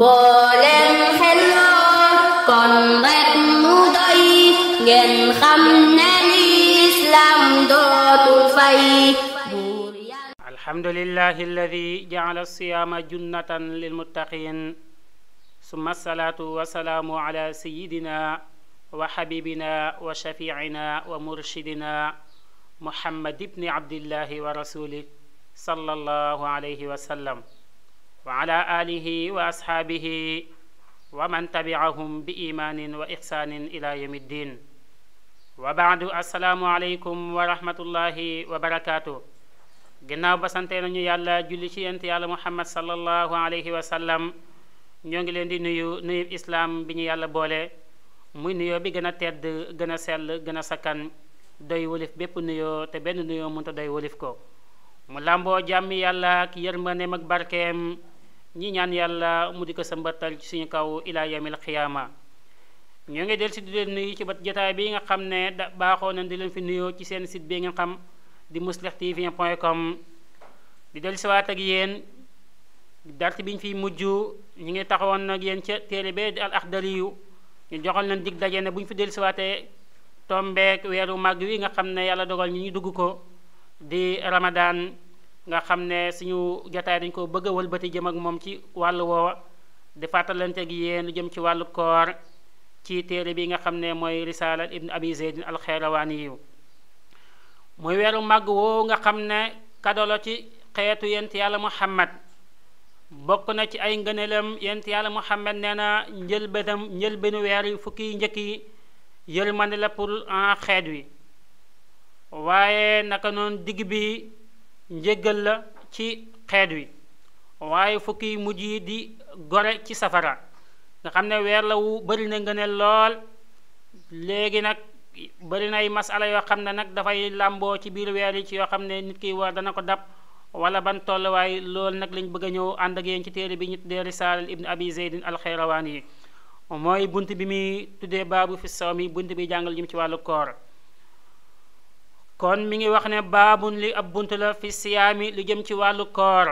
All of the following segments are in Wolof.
booleen xel lool kon rek mu doy ngeen xam ne lislaam dootul fay buur yàlla alhamdulillahi alladi jaala siyaama junnatan lilmuttaqin summa salaatu wa salaamu ala sayidina wa xabibina wa shafiicina wa murshidina muhammad ibni abdillahi wa rasulih sallallahu alayhi wa sallam wa ala alihi wa ashaabihi wa man tabiahum bi imaanin wa ixsaanin ila yawmi ddin wa baadu assalaamu aleykum wa rahmatullahi wa barakaatu ginnaaw ba santee yàlla julli ci yent yàlla muhammad sallallahu alayhi wa sallam ñoo ngi leen di nuyu nuyub islaam bi ñu yàlla boole muy nuyoo bi gën a tedd gën a sell gën a sakkan doy wolif bépp nuyoo te benn nuyoo mënta doy wolif ko mu làmboo jàmm yàlla ak yërmandeem ak barkeem ñi ñaan yàlla mu di ko sambatal ci suñu kaw ilaa yamil xiyaama ñoo ngi del si di leen nuyu ci bat jataay bi nga xam ne da baaxoo nañ di leen fi nuyoo ci seen site bi nga xam di mouslihttv.com di del siwaat ak yéen dart bi ñu fiy mujj ñu ngi taxawoon ak yéen ca téere bee di al axdari yu ñu joxal leen dig daje ne bu ñu fi del siwaatee tombeek weeru màgg wi nga xam ne yàlla dogal ñu ñu dugg ko di ramadaan nga xam ne suñu jotaay dañ ko bëgg a wëlbati jëm ak moom ci wàllu woowa di fàttalante gi yéen jëm ci wàllu koor ci téere bi nga xam ne mooy risaala ibn abi zeydin alxeerawaani muy weeru màgg woo nga xam ne kadolo ci xeetu yent yàlla muhammad bokk na ci ay ngëneelam yent yàlla muhammad nee na njëlbénam njëlbénu weer yi fukki njëkk yi yërmande la pour en ah, xeet wi waaye naka noonu digg bi njéggal la ci xeet wi waaye fukki mujj yi di gore ci safara nga xam ne weer la wu bari na nga lool léegi nag bari na ay masala yoo xam ne nag dafay làmboo ci biir weer yi ci yoo xam ne nit kiy war dana ko dab wala ban tolluwaay loolu nag lañ bëgg a ñëw ànd ak yeen ci téere bi ñu tuddee risaalal ibn abi zeydin alxeyrawaan yi mooy bunt bi muy tuddee baabu fi sawmi bunt bi jàngal jëm ci wàllu koor kon mi ngi wax ne baabun li ab bunt la fi siyaami lu jëm ci wàllu koor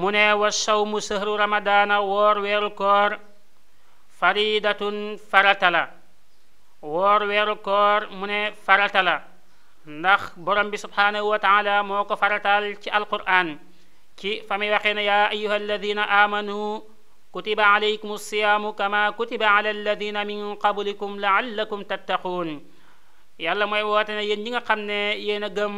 mu ne wa sawmu sëhru ramadaana woor weeru koor faridatun farata la woor weeru koor mu ne farata la ndax borom bi subhaanahu wa taala moo ko farataal ci alquran ci fa muy waxee ne yaa ayuha alladina aamanu kutiba alaykum alsiyaamu kama kutiba ala alladina min qablikum laallakum tattaquun yàlla mooy woote na yéen ñi nga xam ne yéen a gëm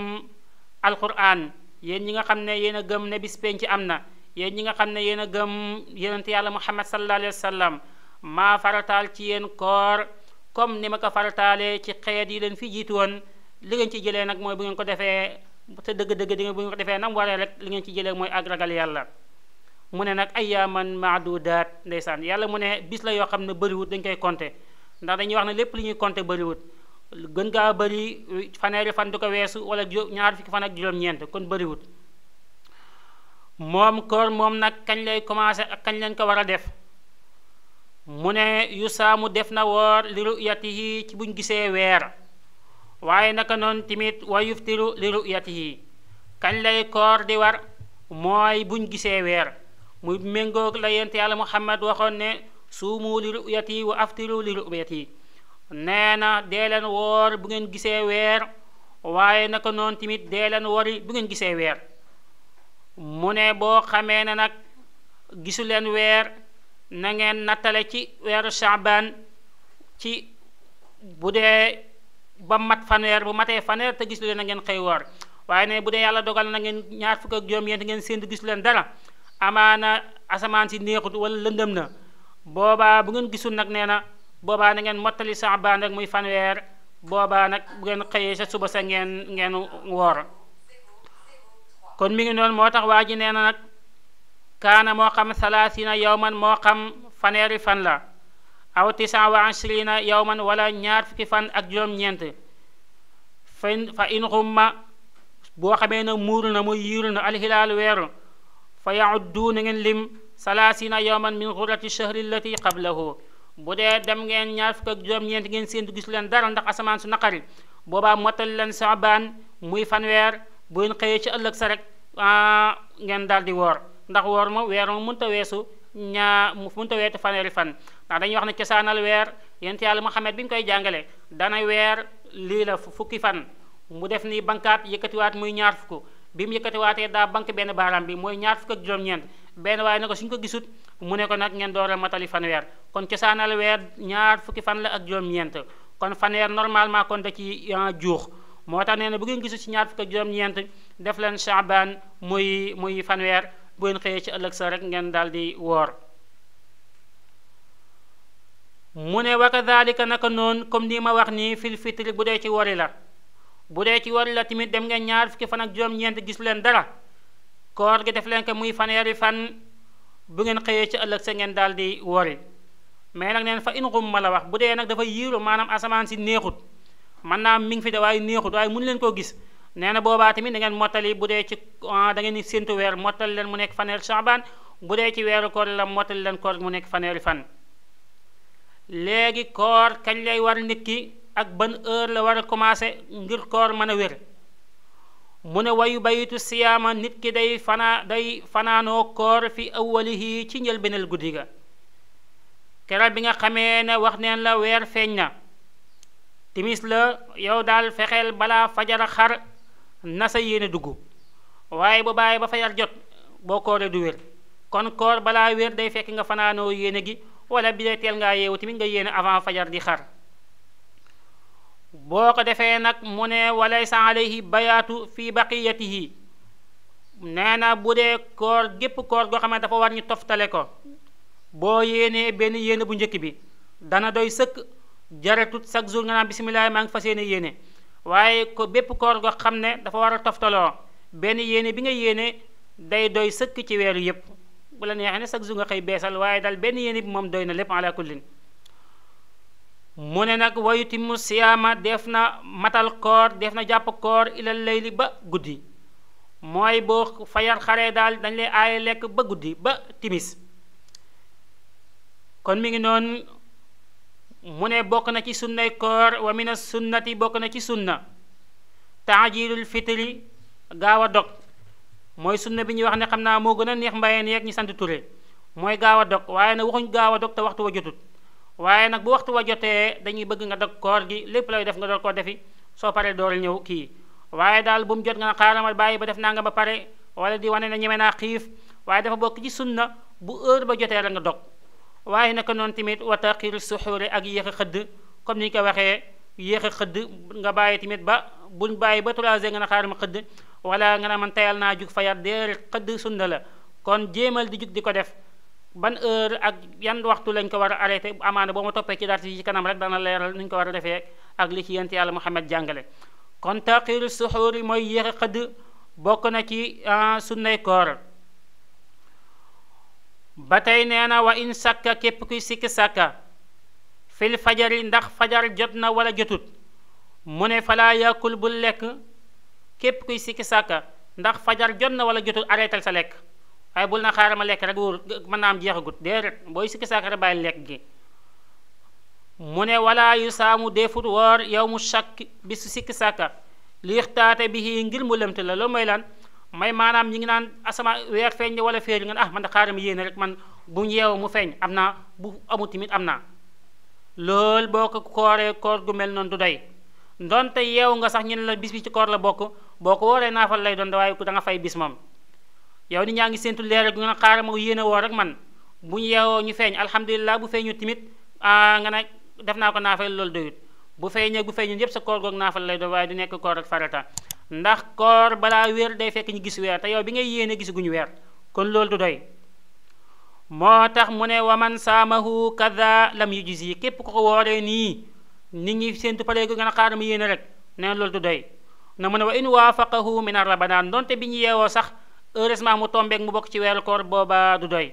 alquran yéen ñi nga xam ne yéen a gëm ne bis penc am na yéen ñi nga xam ne yéen a gëm yonent yàlla muhammad sallallahu alayhi wa sallam maa farataal ci yéen koor comme ni ma ko farataalee ci xeet yi leen jiitu woon li ci jëlee nag bu ngeen ko defee te dëgg-dëgg di bu ngeen ko defee nam waree rek li ngeen ci jëlee mooy ak yàlla mu ne nag ayyaaman maadudaat ndeysaan yàlla mu ne bis la yoo xam ne bëriwut dañ koy conté ndax dañuy wax ne lépp li ñuy compter bëriwut gën gaa bëri faneeri fan di ko weesu wala ñaar fukki fan ak juróom-ñeent kon bëriwut moom koor moom nag kañ lay commencé ak kañ lañ ko war a def mu ne yu saamu def na woor li ru'yatihi ci buñ gisee weer waaye naka noonu tamit wa yuftiru li ru'yatihi kañ lay koor di war mooy buñ gisee weer muy méngoog la yent yàlla muhammad waxoon ne suumu li ru'yati wa aftiru li ru'yati nee na dee leen woor bu ngeen gisee weer waaye naka noonu tamit dee leen wori bu ngeen gisee weer mu ne boo xamee ne nag gisu leen weer na ngeen nattale ci weeru Shaaban ci bu dee ba mat fanweer bu matee fanweer te gisu leen na ngeen xëy woor waaye ne bu dee yàlla dogal na ngeen ñaar fukk ak juróom yéen ngeen séntu gisu leen dara amaana asamaan si néexut wala lëndëm na boobaa bu ngeen gisul nag nee boobaa nangeen mottali saabaan rek muy fanweer boobaa nag bu ngeen xëyee sa suba sa ngeen ngeen woor kon mi ngi moo tax waa ji nee na kaana moo xam salaasina yowman moo xam faneeri fan la aw tisan wa ashrina yowman wala ñaar fukki fan ak juróom-ñeent fain fa in xumma boo xamee na muuru na mu yiiru na alxilaal weeru fa yauddu na ngeen lim salaasina yowman min xurati shahri allati qablahu bu dee dem ngeen ñaar fukk ak juróom-ñeent ngeen séentu gis leen dara ndax asamaan su naqari boobaa mottali leen saabaan muy fanweer bu ngeen xëyee ci ëllëg sa rek ah, ngeen daal di woor ndax woor ma weer ma mënut ta weesu ñaa mënut a weetu fanweeri fan ndax dañuy wax ne cosaanal weer yent yàlla Muhammad bi ñu koy jàngale dana weer lii la fukki fan mu def ni bankaat yëkkatiwaat muy ñaar fukk bi mu yëkkatiwaatee daa banque benn baaraam bi mooy ñaar fukk ak juróom-ñeent mu ne ko nag ngeen door a matali fanweer kon cosaanal weer ñaar fukki fan la ak juróom-ñeent kon fanweer normalement kon da ci euh, juux moo tax nee na bu ngeen gisu ci ñaar ak juróom def leen chaban muy muy fanweer bu ngeen xëyee ci ëllëg sa rek ngeen daal di woor mu ne wa kadalika naka noonu comme ni ma wax nii fil fitri bu dee ci wari la bu dee ci wari la tamit dem ngeen ñaar fukki fan ak juróom gis leen dara koor gi def leen ko muy fanweeri fan bu ngeen xëyee ci ëllëg sa ngeen daal di wori mais nag neen fa in xumma la wax bu dee nag dafa yiiru maanaam asamaan si neexut mën naa mi ngi fi de waaye neexut waaye mun leen koo gis nee na boobaa tamit da ngeen mottali bu dee ci ah, da ngeen séntu weer mottali leen mu nekk faneeri Shaabaan bu dee ci weeru koor la mottali leen koor mu nekk faneeri fan léegi koor kañ lay war nit ki ak ban heure la war a commencé ngir koor mën a wér mu ne wayu bayitu siyaama nit ki day fanaa day fanaanoo koor fi awwalihi ci njëlbeneel guddi ga keral bi nga xamee ne wax neen la weer feeñ na timis la yow daal fexeel balaa fajar a xar na sa yéene dugg waaye bu bàyyi ba fajar jot boo kooree du wér kon koor balaa wér day fekk nga fanaanoo yéene gi wala bi dee teel ngaa yeewu tamit nga yéene avant fajar di xar boo ko defee nag mu ne walaysa alayhi bayaatu fi baqiyatihi nee na bu dee koor gépp koor goo xam ne dafa war ñu toftale ko boo yéenee benn yéene bu njëkk bi dana doy sëkk jaretut chaque jour nga naan maa ngi fas yéene yéene waaye ko bépp koor goo xam ne dafa war a toftaloo benn yéene bi nga yéene day doy sëkk ci weeru yépp bu la neexee ne chaque jour nga xëy beesal waaye dal benn yéene bi moom doy na lépp ala mu ne nag wayutimu siyaama def na matal koor def na jàpp koor ilal layli ba guddi mooy boo fayar xaree daal dañ lay aaye lekk ba guddi ba timis kon mi ngi noon mu ne bokk na ci sunnay koor wa mina sunnati bokk na ci sunna taajilul fitri gaaw a dog mooy sunna bi ñuy wax ne xam naa moo gën a neex mbayeen yeeg ñu sant Ture mooy gaaw a dog waaye na waxuñ gaaw a dog te waxtu wa jotut waaye nag bu waxtu wa jotee dañuy bëgg nga dog koor gi lépp lay def nga dool koo defi soo paree door ñëw kii waaye daal bu mu jot nga ne xaaral ma bàyyi ba def naa nga ba pare wala di wane na ñeme naa xiif waaye dafa bokk ci sunna bu heure ba jotee rek nga dog waaye naka noonu tamit wa taxiru suxuure ak yéex a xëdd comme ni ñu ko waxee yéex a xëdd nga bàyyi tamit ba buñ bàyyi ba trois nga ne xaaral ma xëdd wala nga man tayal naa jug fayat déer xëdd sunna la kon jéemal di jug di ko def ban heure ak yan waxtu lañ ko war a arrêté amaana boo ma toppee ci dars yi ci kanam rek dana leeral nu ko war a defee ak li ci yent yàlla Muhammad jàngale kon taqiru suxuuri mooy yéex a xëdd bokk na ci ah, sunnay koor ba tey nee na wa in sàkka képp kuy sikki sàkka fil fajari ndax fajar jot na wala jotut mu ne falaa yàkkul bul lekk képp kuy sikki sàkka ndax fajar jot na wala jotut arrêtal sa lekk waaye bu na xaaral ma lekk rek wóor mën naa am jeexagut déedéet booy sikki sàkk rek bàyyi lekk gi mu ne wala yu saamu defut woor yow mu sakk bisu sikki sàkka taata bi ngir mu lëmte la loolu mooy lan may maanaam ñi ngi naan asama weer feeñ wala féer nga ah man da xaaral ma yéen rek man bu yeew mu feeñ am naa bu amul tamit am naa loolu boo ko kooree koor gu mel noonu du doy ndonte yeewu nga sax ñu ne la bis bi ci koor la bokk boo ko wooree naafal lay doon waaye ku da fay bis moom yow ni ñaa ngi séntu leeral gi nga ne xaaral ma yéene woo rek man bu ñu yeewoo ñu feeñ alhamdulilah bu feeñu timit ah, nga ne def naa ko naafal loolu doyut bu feeñee bu feeñu yépp sa koor goog naafal lay doon waaye du nekk koor ak farata ndax koor balaa weer day fekk ñu gis weer te yow bi ngay yéene ñu weer kon loolu du doy moo tax mu ne waman saamahu kaza lam yi képp ko ko wooree nii nit ñi séntu pareegu nga ne xaaral ma yéene rek nee loolu du doy heureusement mu tombeek mu bokk ci weeru koor booba du doy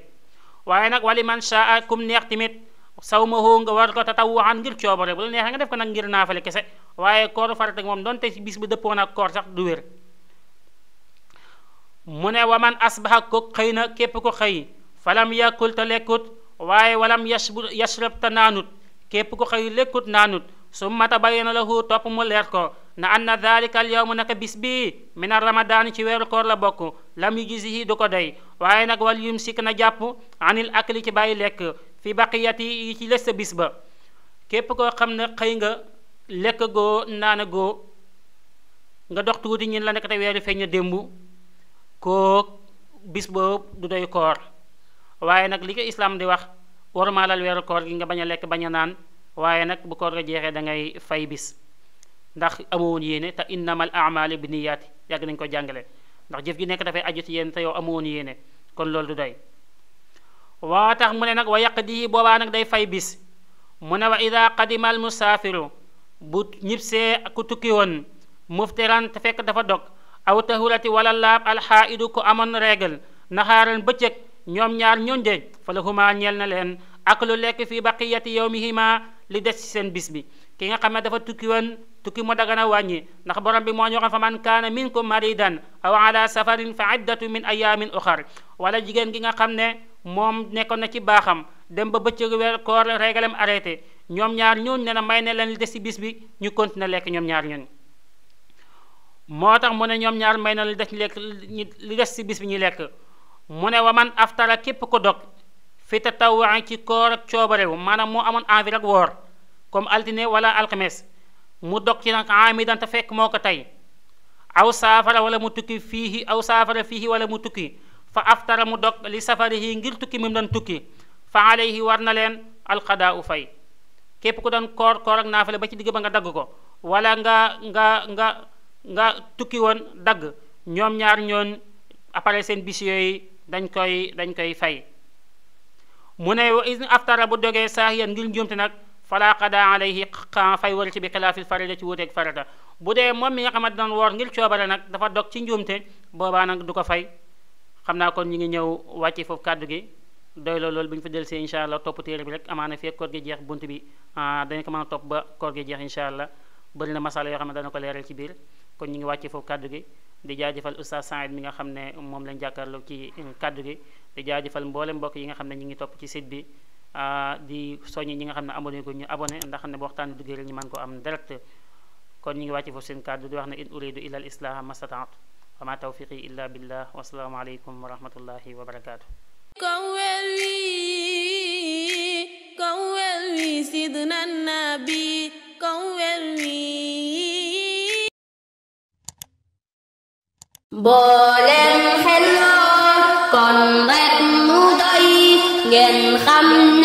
waaye nag wali man saa kum neex tamit saw ma hoo nga war ko tatawuan ngir coobare bu la neexee nga def ko nag ngir naafale kese waaye koor farata moom donte bis bu dëppoon ak koor sax du wér mu ne waman asbaxa ko xëy na képp ko xëy falam yàkkul te lekkut waaye walam yashbu yashrab te naanut képp ko xëy lekkut naanut su mata bayyana lahu topp mu leer ko na anna dhalika al yawmu naka bis bii mina ramadaan ci weeru koor la bokk lam yu gisihi du ko doy waaye nag wal sikk na jàpp anil akli ci bàyyi lekk fi baqiyati yi ci les sa bis koo xam ne xëy nga lekk goo naana goo nga dox tuuti ñin la nekk te weeru feeñ na démb koo bis boobu du doy koor waaye nag li ko islaam di wax warmaalal weeru koor gi nga bañ a lekk bañ a naan waaye nag bu koor ga jeexee da ngay fay bis ndax amoon yéene te innamal amaali bi niyaati yàgg jàngale ndax jëf ji nekk dafay aju ci yéen te yow amoon yéene kon loolu du doy waa tax mu ne nag wa yaqdihi boobaa nag day fay bis mu ne wa ida qadima al musaafiru bu ñibsee ku tukki woon muftiran fekk dafa dog aw tahurati wala laab alxaaidu ku amoon régal naxaaran bëccëg ñoom ñaar ñoon de fa la huma ñeel na leen ak lekk fi baqiyati yawmihima li des ci seen bis bi ki nga xam ne dafa tukki woon tukki mu dagana wàññi ndax borom bi moo ñu waxoon fa man kaana ko maridan aw ala safarin fa iddatu min ayamin uxar wala jigéen gi nga xam ne moom nekkoon na ci baaxam dem ba bëccëgu weer koor régalem arrêté ñoom ñaar ñooñu ne na may ne leen li des ci bis bi ñu continuer lekk ñoom ñaar ñooñu moo tax mu ne ñoom ñaar may na li des lekk li des ci bis bi ñu lekk mu ne wa man aftara képp ko dog fi tatawwaa ci koor ak coobarewu maanaam moo amoon envie ak woor comme altine wala alxames mu dog ci nag amidan te fekk moo ko tey aw saafara wala mu tukki fii fiihi aw saafara fii fiihi wala mu tukki fa aftara mu dog li safarihi ngir tukki mim doon tukki fa alayhi war na leen alxadaa u fay képp ku doon koor koor ak naafale ba ci digg ba nga dagg ko wala nga nga nga nga tukki woon dagg ñoom ñaar ñoon après seen bis yi dañ koy dañ koy fay mu ne wa is aftara bu dogee saahiyan ngir njuumte nag fala qada alayhi xan fay war ci bi xilaafil farida ci wuuteeg farata bu dee moom mi nga xamante doon woor ngir coobare nag dafa dog ci njuumte boobaa nag du ko fay xam naa kon ñu ngi ñëw wàcce foofu kàddu gi doy loolu bu ñu fa dellusee incha allah topp téere bi rek amaana fekk koor gi jeex bunt bi ah, dañu ko mën a topp ba koor gi jeex incha allah bëri na masala yoo xam ne dana ko leeral ci biir kon ñu ngi wàcce foofu kàddu gi di jaajëfal oustaz Saïd mi nga xam ne moom lañ jàkkaarloo ci euh, kaddu gi di jaajëfal mboolem mbokk yi nga xam ne ñu ngi topp ci site bi euh, di soññ ñi nga xam ne abonné ko ñu abonné ndax xam ne bu waxtaan duggee rek ñu mën ko am direct kon ñu ngi wàcc foofu seen kaddu di wax ne in uridu illa al islaha mastataat wa ma tawfiqi illa billah wa salaamu aleykum wa rahmatullahi wa barakaatu kawel boo leen xeloo kon mu doy ngeen xam